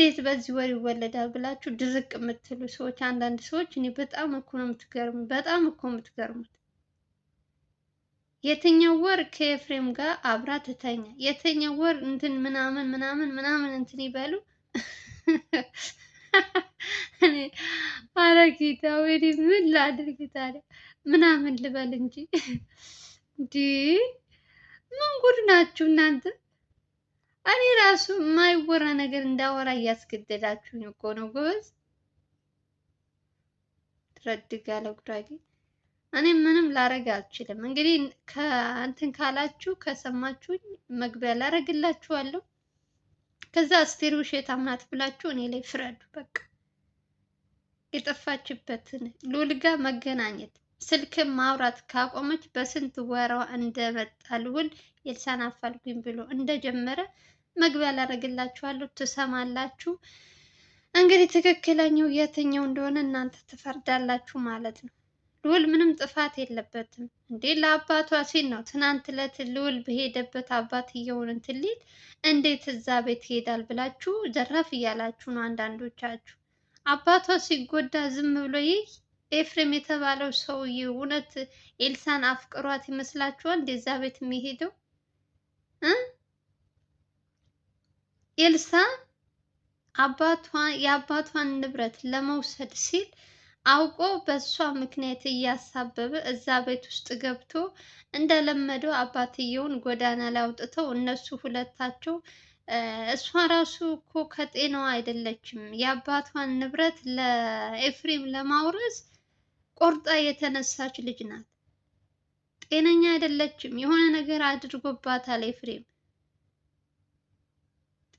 እንዴት በዚህ ወር ይወለዳል ብላችሁ ድርቅ የምትሉ ሰዎች፣ አንዳንድ ሰዎች እኔ በጣም እኮ ነው የምትገርሙት፣ በጣም እኮ የምትገርሙት። የትኛው ወር ከኤፍሬም ጋር አብራ ትተኛ፣ የትኛው ወር እንትን ምናምን ምናምን ምናምን እንትን ይበሉ። ኧረ ጌታ ወይ ምን ላድርግ ታዲያ ምናምን ልበል እንጂ እንዲህ ምን ጉድ ናችሁ እናንተ። እኔ ራሱ የማይወራ ነገር እንዳወራ እያስገደዳችሁኝ እኮ ነው ጎበዝ። ትረድግ ያለ ጉራጌ እኔ ምንም ላረግ አልችልም። እንግዲህ ከእንትን ካላችሁ ከሰማችሁኝ መግቢያ ላረግላችኋለሁ። ከዛ አስቴር ውሸት አምናት ብላችሁ እኔ ላይ ፍረዱ። በቃ የጠፋችበትን ልዑል ጋር መገናኘት ስልክም ማውራት ካቆመች በስንት ወራ እንደመጣ የልሳን አፋልጉኝ ብሎ እንደጀመረ መግቢያ ላደርግላችኋለሁ ትሰማላችሁ። እንግዲህ ትክክለኛው የትኛው እንደሆነ እናንተ ትፈርዳላችሁ ማለት ነው። ልዑል ምንም ጥፋት የለበትም እንዴ! ለአባቷ ሲል ነው። ትናንት ዕለት ልዑል በሄደበት አባትየውን እንትን ሊል እንዴት እዛ ቤት ይሄዳል ብላችሁ ዘረፍ እያላችሁ ነው አንዳንዶቻችሁ። አባቷ ሲጎዳ ዝም ብሎ ይህ ኤፍሬም የተባለው ሰውዬ እውነት ኤልሳን አፍቅሯት ይመስላችኋል? እንደዛ ቤት የሚሄደው ኤልሳ አባቷን የአባቷን ንብረት ለመውሰድ ሲል አውቆ በእሷ ምክንያት እያሳበበ እዛ ቤት ውስጥ ገብቶ እንደለመደው አባትየውን ጎዳና ላይ አውጥተው እነሱ ሁለታቸው እሷ ራሱ እኮ ከጤናዋ አይደለችም። የአባቷን ንብረት ለኤፍሬም ለማውረስ ቆርጣ የተነሳች ልጅ ናት። ጤነኛ አይደለችም። የሆነ ነገር አድርጎባታል ኤፍሬም።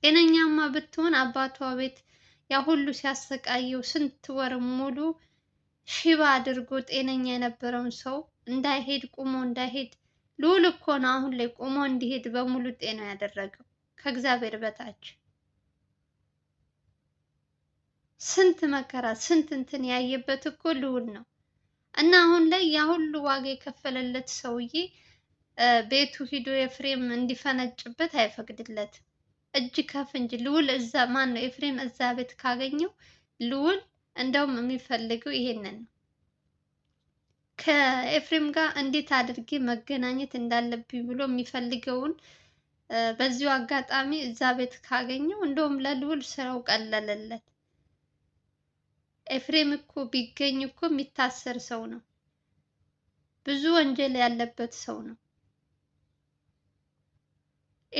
ጤነኛማ ብትሆን አባቷ ቤት ያ ሁሉ ሲያሰቃየው ስንት ወር ሙሉ ሽባ አድርጎ ጤነኛ የነበረውን ሰው እንዳይሄድ ቁሞ እንዳይሄድ ልዑል እኮ ነው አሁን ላይ ቁሞ እንዲሄድ በሙሉ ጤና ያደረገው ከእግዚአብሔር በታች ስንት መከራ ስንት እንትን ያየበት እኮ ልዑል ነው። እና አሁን ላይ ያ ሁሉ ዋጋ የከፈለለት ሰውዬ ቤቱ ሂዶ የፍሬም እንዲፈነጭበት አይፈቅድለትም። እጅ ከፍ እንጂ ልዑል እዛ ማን ነው ኤፍሬም እዛ ቤት ካገኘው ልዑል እንደውም የሚፈልገው ይሄንን ነው። ከኤፍሬም ጋር እንዴት አድርጌ መገናኘት እንዳለብኝ ብሎ የሚፈልገውን በዚሁ አጋጣሚ እዛ ቤት ካገኘው እንደውም ለልዑል ስራው ቀለለለት። ኤፍሬም እኮ ቢገኝ እኮ የሚታሰር ሰው ነው። ብዙ ወንጀል ያለበት ሰው ነው።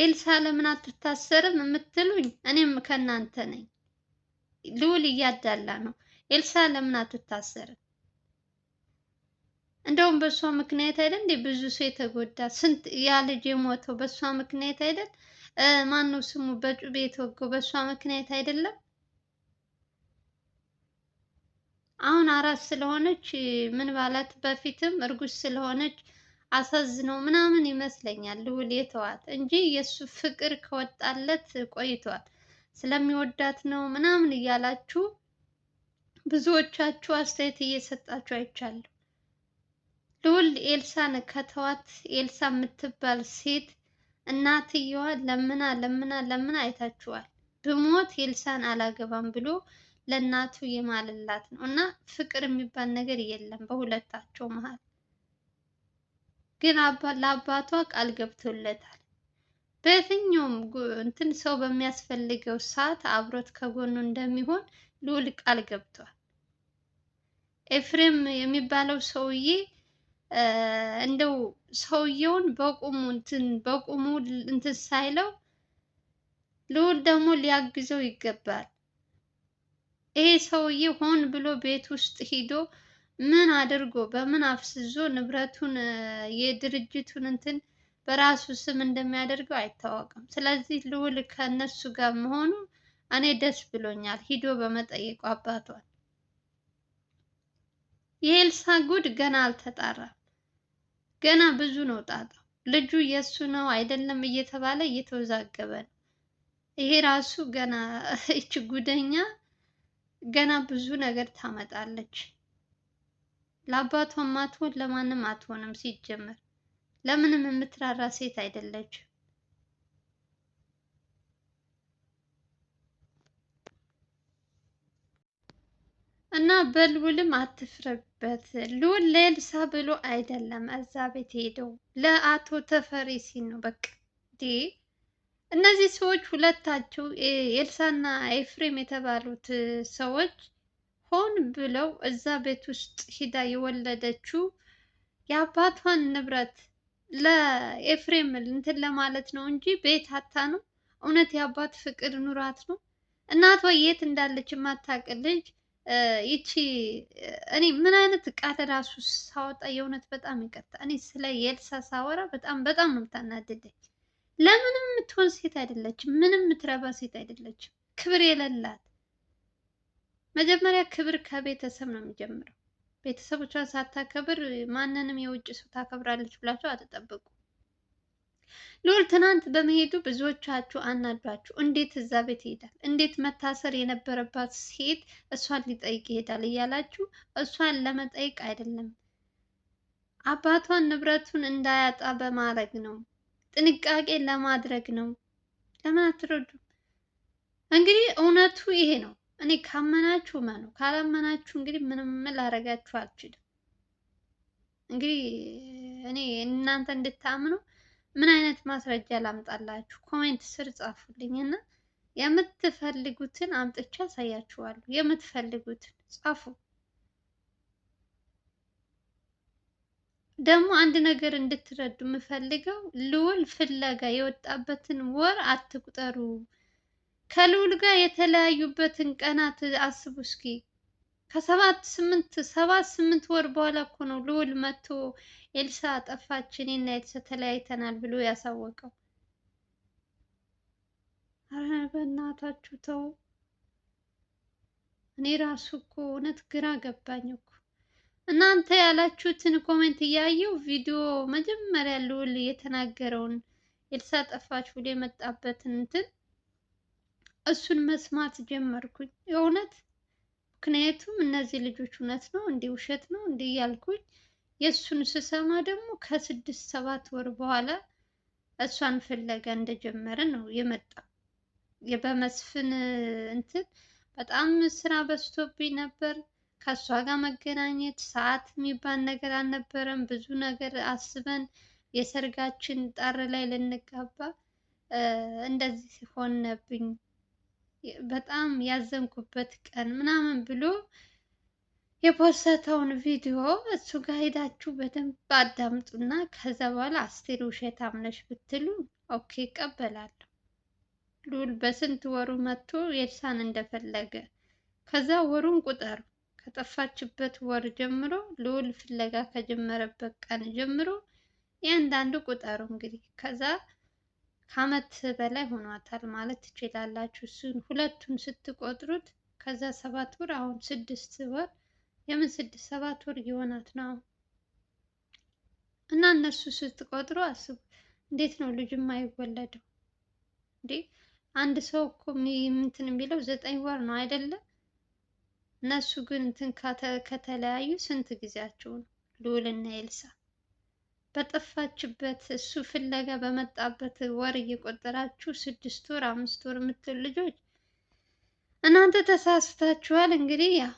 ኤልሳ ለምን አትታሰርም የምትሉኝ እኔም ከእናንተ ነኝ። ልውል እያዳላ ነው። ኤልሳ ለምን አትታሰርም? እንደውም በእሷ ምክንያት አይደል እንዴ ብዙ ሰው የተጎዳ ስንት ያ ልጅ የሞተው በእሷ ምክንያት አይደል? ነው ስሙ በጩቤ የተወገው በእሷ ምክንያት አይደለም? አሁን አራስ ስለሆነች ምን ባላት በፊትም እርጉዝ ስለሆነች አሳዝነው ምናምን ይመስለኛል ልዑል የተዋት እንጂ የእሱ ፍቅር ከወጣለት ቆይቷል። ስለሚወዳት ነው ምናምን እያላችሁ ብዙዎቻችሁ አስተያየት እየሰጣችሁ አይቻለሁ። ልዑል ኤልሳን ከተዋት ኤልሳ የምትባል ሴት እናትየዋ ለምና ለምና ለምና አይታችኋል። ብሞት ኤልሳን አላገባም ብሎ ለእናቱ የማለላት ነው እና ፍቅር የሚባል ነገር የለም በሁለታቸው መሀል ግን ለአባቷ ቃል ገብቶለታል። በየትኛውም እንትን ሰው በሚያስፈልገው ሰዓት አብሮት ከጎኑ እንደሚሆን ልዑል ቃል ገብቷል። ኤፍሬም የሚባለው ሰውዬ እንደው ሰውየውን በቁሙ እንትን በቁሙ እንትን ሳይለው ልዑል ደግሞ ሊያግዘው ይገባል። ይሄ ሰውዬ ሆን ብሎ ቤት ውስጥ ሂዶ ምን አድርጎ በምን አፍስዞ ንብረቱን የድርጅቱን እንትን በራሱ ስም እንደሚያደርገው አይታወቅም። ስለዚህ ልዑል ከእነሱ ጋር መሆኑ እኔ ደስ ብሎኛል፣ ሂዶ በመጠየቁ አባቷን የኤልሳ ጉድ ገና አልተጣራም። ገና ብዙ ነው ጣጣው። ልጁ የእሱ ነው አይደለም እየተባለ እየተወዛገበ ነው። ይሄ ራሱ ገና እች ጉደኛ ገና ብዙ ነገር ታመጣለች። ለአባቷም አትሆን ለማንም አትሆንም። ሲጀመር ለምንም የምትራራ ሴት አይደለችም። እና በልውልም አትፍርበት። ልውል ለኤልሳ ብሎ አይደለም እዛ ቤት ሄደው ለአቶ ተፈሪ ሲል ነው። በቃ እነዚህ ሰዎች ሁለታቸው ኤልሳና ኤፍሬም የተባሉት ሰዎች ሆን ብለው እዛ ቤት ውስጥ ሂዳ የወለደችው የአባቷን ንብረት ለኤፍሬም እንትን ለማለት ነው እንጂ ቤት አታ ነው። እውነት የአባት ፍቅር ኑራት ነው። እናቷ የት እንዳለች የማታውቅ ልጅ ይቺ እኔ ምን አይነት ቃል ራሱ ሳወጣ የእውነት በጣም ይቅርታ። እኔ ስለ የልሳ ሳወራ በጣም በጣም ነው የምታናድደኝ። ለምንም የምትሆን ሴት አይደለችም። ምንም የምትረባ ሴት አይደለችም። ክብር የሌላት መጀመሪያ ክብር ከቤተሰብ ነው የሚጀምረው። ቤተሰቦቿን ሳታከብር ማንንም የውጭ ሰው ታከብራለች ብላችሁ አትጠብቁ። ልዑል ትናንት በመሄዱ ብዙዎቻችሁ አናዷችሁ። እንዴት እዛ ቤት ይሄዳል? እንዴት መታሰር የነበረባት ሴት እሷን ሊጠይቅ ይሄዳል? እያላችሁ እሷን ለመጠየቅ አይደለም፣ አባቷን ንብረቱን እንዳያጣ በማድረግ ነው፣ ጥንቃቄ ለማድረግ ነው። ለምን አትረዱም? እንግዲህ እውነቱ ይሄ ነው። እኔ ካመናችሁ መኑ ካላመናችሁ እንግዲህ ምንም ላደርጋችሁ አልችልም። እንግዲህ እኔ እናንተ እንድታምኑ ምን አይነት ማስረጃ ላምጣላችሁ? ኮሜንት ስር ጻፉልኝ እና የምትፈልጉትን አምጥቼ አሳያችኋለሁ። የምትፈልጉትን ጻፉ። ደግሞ አንድ ነገር እንድትረዱ የምፈልገው ልዑል ፍለጋ የወጣበትን ወር አትቁጠሩ። ከልዑል ጋር የተለያዩበትን ቀናት አስቡ እስኪ። ከሰባት ስምንት ሰባት ስምንት ወር በኋላ እኮ ነው ልዑል መጥቶ ኤልሳ ጠፋች፣ እኔና ኤልሳ ተለያይተናል ብሎ ያሳወቀው። አረ በእናታችሁ ተው። እኔ ራሱ እኮ እውነት ግራ ገባኝ እኮ እናንተ ያላችሁትን ኮሜንት እያየው ቪዲዮ መጀመሪያ ልዑል የተናገረውን ኤልሳ ጠፋች ብሎ የመጣበትን እንትን እሱን መስማት ጀመርኩኝ የእውነት ምክንያቱም እነዚህ ልጆች እውነት ነው እንዲህ ውሸት ነው እንዲ እያልኩኝ የእሱን ስሰማ ደግሞ ከስድስት ሰባት ወር በኋላ እሷን ፍለጋ እንደጀመረ ነው የመጣ በመስፍን እንትን በጣም ስራ በዝቶብኝ ነበር። ከእሷ ጋር መገናኘት ሰዓት የሚባል ነገር አልነበረም። ብዙ ነገር አስበን የሰርጋችን ጠር ላይ ልንጋባ እንደዚህ ሆነብኝ በጣም ያዘንኩበት ቀን ምናምን ብሎ የፖሰተውን ቪዲዮ እሱ ጋር ሄዳችሁ በደንብ አዳምጡና ከዛ በኋላ አስቴር ውሸታም ነሽ ብትሉ ኦኬ ይቀበላለሁ። ሉል በስንት ወሩ መጥቶ የድሳን እንደፈለገ ከዛ ወሩን ቁጠሩ። ከጠፋችበት ወር ጀምሮ ልዑል ፍለጋ ከጀመረበት ቀን ጀምሮ እያንዳንዱ ቁጠሩ እንግዲህ ከዛ ከአመት በላይ ሆኗታል ማለት ትችላላችሁ። እሱን ሁለቱን ስትቆጥሩት ከዛ ሰባት ወር አሁን ስድስት ወር የምን ስድስት ሰባት ወር እየሆናት ነው እና እነሱ ስትቆጥሩ አስቡ። እንዴት ነው ልጅም አይወለደው እንዴ? አንድ ሰው እኮ እንትን የሚለው ዘጠኝ ወር ነው አይደለም? እነሱ ግን እንትን ከተለያዩ ስንት ጊዜያቸው ነው ልዑል እና ኤልሳ? በጠፋችበት እሱ ፍለጋ በመጣበት ወር እየቆጠራችሁ ስድስት ወር አምስት ወር የምትል ልጆች እናንተ ተሳስታችኋል። እንግዲህ ያው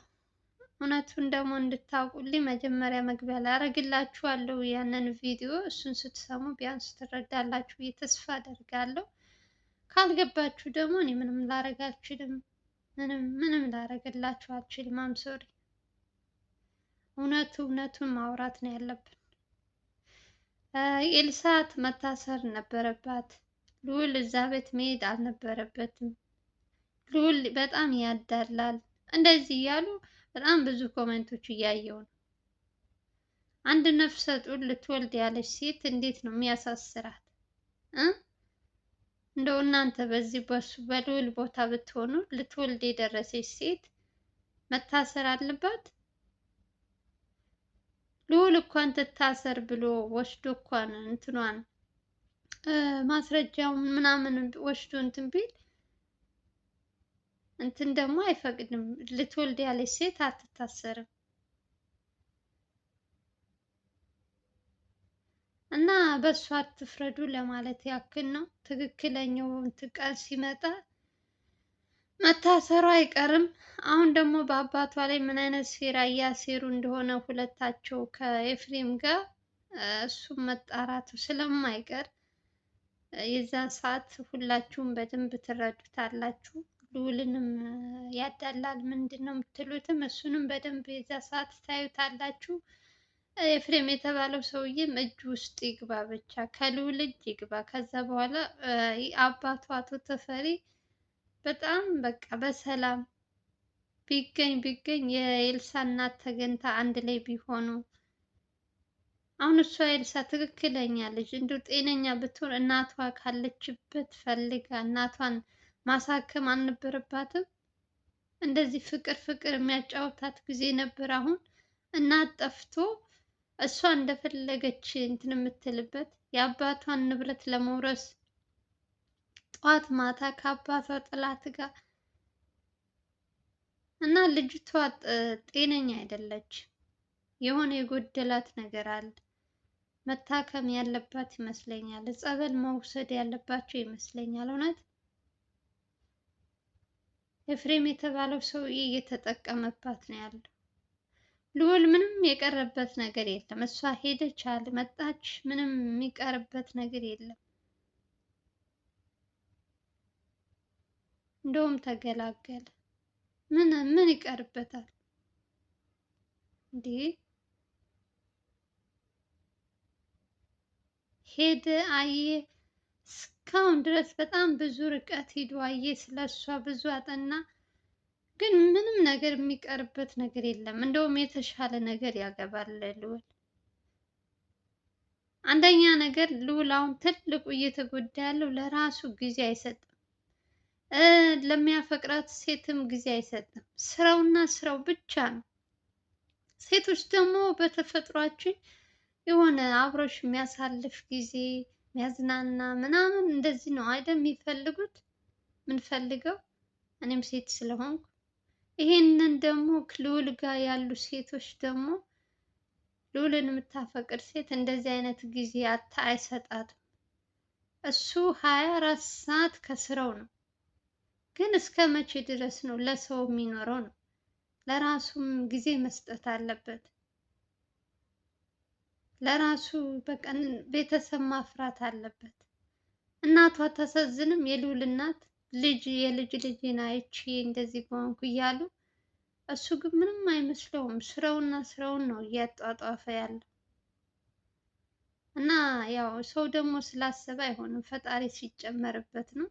እውነቱን ደግሞ እንድታውቁልኝ መጀመሪያ መግቢያ ላይ አረግላችኋለሁ ያንን ቪዲዮ። እሱን ስትሰሙ ቢያንስ ትረዳላችሁ ብዬ ተስፋ አደርጋለሁ። ካልገባችሁ ደግሞ እኔ ምንም ላረግ አልችልም። ምንም ምንም ላረግላችሁ አልችልም። አምሶሪ እውነቱ እውነቱን ማውራት ነው ያለብን። ኤልሳት መታሰር ነበረባት። ልዑል እዛ ቤት መሄድ አልነበረበትም። ልዑል በጣም ያዳላል። እንደዚህ እያሉ በጣም ብዙ ኮሜንቶች እያየው ነው። አንድ ነፍሰ ጡር ልትወልድ ያለች ሴት እንዴት ነው የሚያሳስራት እንደው እናንተ በዚህ በሱ በልዑል ቦታ ብትሆኑ ልትወልድ የደረሰች ሴት መታሰር አለባት? ልዑል እኳን ትታሰር ብሎ ወስዶ እኳን እንትኗን ማስረጃውን ምናምን ወስዶ እንትን ቢል እንትን ደግሞ አይፈቅድም። ልትወልድ ያለች ሴት አትታሰርም። እና በእሷ አትፍረዱ ለማለት ያክል ነው። ትክክለኛው ቀን ሲመጣ መታሰሩ አይቀርም። አሁን ደግሞ በአባቷ ላይ ምን አይነት ሴራ እያሴሩ እንደሆነ ሁለታቸው ከኤፍሬም ጋር እሱ መጣራቱ ስለማይቀር የዛን ሰዓት ሁላችሁም በደንብ ትረዱታላችሁ። ልዑልንም ያዳላል ምንድን ነው የምትሉትም እሱንም በደንብ የዛ ሰዓት ታዩታላችሁ። ኤፍሬም የተባለው ሰውዬም እጅ ውስጥ ይግባ ብቻ ከልዑል እጅ ይግባ። ከዛ በኋላ አባቷ አቶ ተፈሪ በጣም በቃ በሰላም ቢገኝ ቢገኝ የኤልሳ እናት ተገኝታ አንድ ላይ ቢሆኑ። አሁን እሷ ኤልሳ ትክክለኛ ልጅ እንዲሁ ጤነኛ ብትሆን እናቷ ካለችበት ፈልጋ እናቷን ማሳከም አልነበረባትም። እንደዚህ ፍቅር ፍቅር የሚያጫወታት ጊዜ ነበር። አሁን እናት ጠፍቶ እሷ እንደፈለገች እንትን የምትልበት የአባቷን ንብረት ለመውረስ ጧት ማታ ከአባቷ ጥላት ጋር እና ልጅቷ ጤነኛ አይደለች። የሆነ የጎደላት ነገር አለ። መታከም ያለባት ይመስለኛል። ጸበል መውሰድ ያለባቸው ይመስለኛል። እውነት ኤፍሬም የተባለው ሰውዬ እየተጠቀመባት ነው ያለው። ልዑል ምንም የቀረበት ነገር የለም። እሷ ሄደች አለ መጣች፣ ምንም የሚቀርበት ነገር የለም። እንደውም ተገላገለ። ምን ምን ይቀርበታል እንዴ? ሄደ አየ እስካሁን ድረስ በጣም ብዙ ርቀት ሂዶ አየ። ስለሷ ብዙ አጠና፣ ግን ምንም ነገር የሚቀርበት ነገር የለም። እንደውም የተሻለ ነገር ያገባል ልዑል። አንደኛ ነገር ልዑል አሁን ትልቁ እየተጎዳ ያለው ለራሱ ጊዜ አይሰጥም። ለሚያፈቅራት ሴትም ጊዜ አይሰጥም። ስራውና ስራው ብቻ ነው። ሴቶች ደግሞ በተፈጥሯችን የሆነ አብሮሽ የሚያሳልፍ ጊዜ የሚያዝናና ምናምን እንደዚህ ነው አይደል የሚፈልጉት ምንፈልገው እኔም ሴት ስለሆንኩ ይሄንን ደግሞ ልዑል ጋር ያሉ ሴቶች ደግሞ ልዑልን የምታፈቅር ሴት እንደዚህ አይነት ጊዜ አይሰጣትም። እሱ ሀያ አራት ሰዓት ከስራው ነው ግን እስከ መቼ ድረስ ነው ለሰው የሚኖረው ነው? ለራሱም ጊዜ መስጠት አለበት። ለራሱ በቀን ቤተሰብ ማፍራት አለበት። እናቷ ተሰዝንም የልዑል እናት ልጅ የልጅ ልጅን አይቼ እንደዚህ በሆንኩ እያሉ እሱ ግን ምንም አይመስለውም። ስራውና ስራውን ነው እያጧጧፈ ያለው እና ያው ሰው ደግሞ ስላሰበ አይሆንም፣ ፈጣሪ ሲጨመርበት ነው።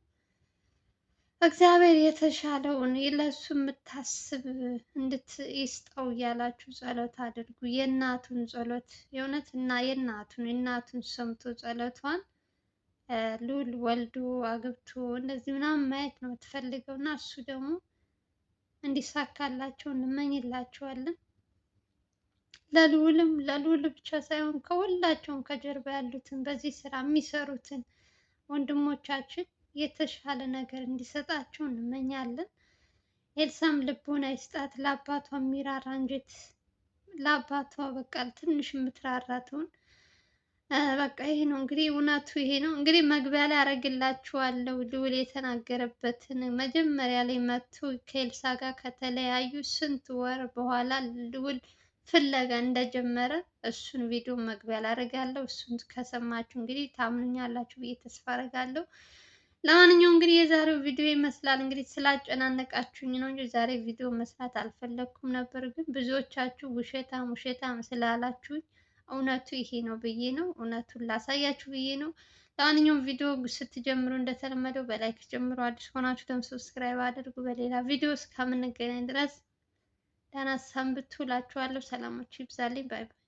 እግዚአብሔር የተሻለውን ለሱ የምታስብ እንድት ይስጠው እያላችሁ ጸሎት አድርጉ። የእናቱን ጸሎት የእውነት እና የእናቱን የእናቱን ሰምቶ ጸሎቷን ልዑል ወልዶ አግብቶ እንደዚህ ምናምን ማየት ነው የምትፈልገው እና እሱ ደግሞ እንዲሳካላቸው እንመኝላቸዋለን። ለልውልም ለልውል ብቻ ሳይሆን ከሁላቸውም ከጀርባ ያሉትን በዚህ ስራ የሚሰሩትን ወንድሞቻችን የተሻለ ነገር እንዲሰጣቸው እንመኛለን። ኤልሳም ልቡን አይስጣት፣ ለአባቷ የሚራራ አንጀት፣ ለአባቷ በቃ ትንሽ የምትራራ ትሆን። በቃ ይሄ ነው እንግዲህ እውነቱ ይሄ ነው እንግዲህ። መግቢያ ላይ አደርግላችኋለሁ ልዑል የተናገረበትን መጀመሪያ ላይ መጥቶ ከኤልሳ ጋር ከተለያዩ ስንት ወር በኋላ ልዑል ፍለጋ እንደጀመረ እሱን ቪዲዮ መግቢያ ላይ አደርጋለሁ። እሱን ከሰማችሁ እንግዲህ ታምኑኛላችሁ ብዬ ተስፋ አደርጋለሁ። ለማንኛውም እንግዲህ የዛሬው ቪዲዮ ይመስላል። እንግዲህ ስላጨናነቃችሁኝ ነው እንጂ ዛሬ ቪዲዮ መስራት አልፈለግኩም ነበር፣ ግን ብዙዎቻችሁ ውሸታም ውሸታም ስላላችሁኝ እውነቱ ይሄ ነው ብዬ ነው እውነቱን ላሳያችሁ ብዬ ነው። ለማንኛውም ቪዲዮ ስትጀምሩ እንደተለመደው በላይክ ጀምሩ፣ አዲስ ሆናችሁ ደግሞ ሰብስክራይብ አድርጉ። በሌላ ቪዲዮ እስከምንገናኝ ድረስ ደህና ሰንብቱ እላችኋለሁ። ሰላማችሁ ይብዛልኝ። ባይ ባይ።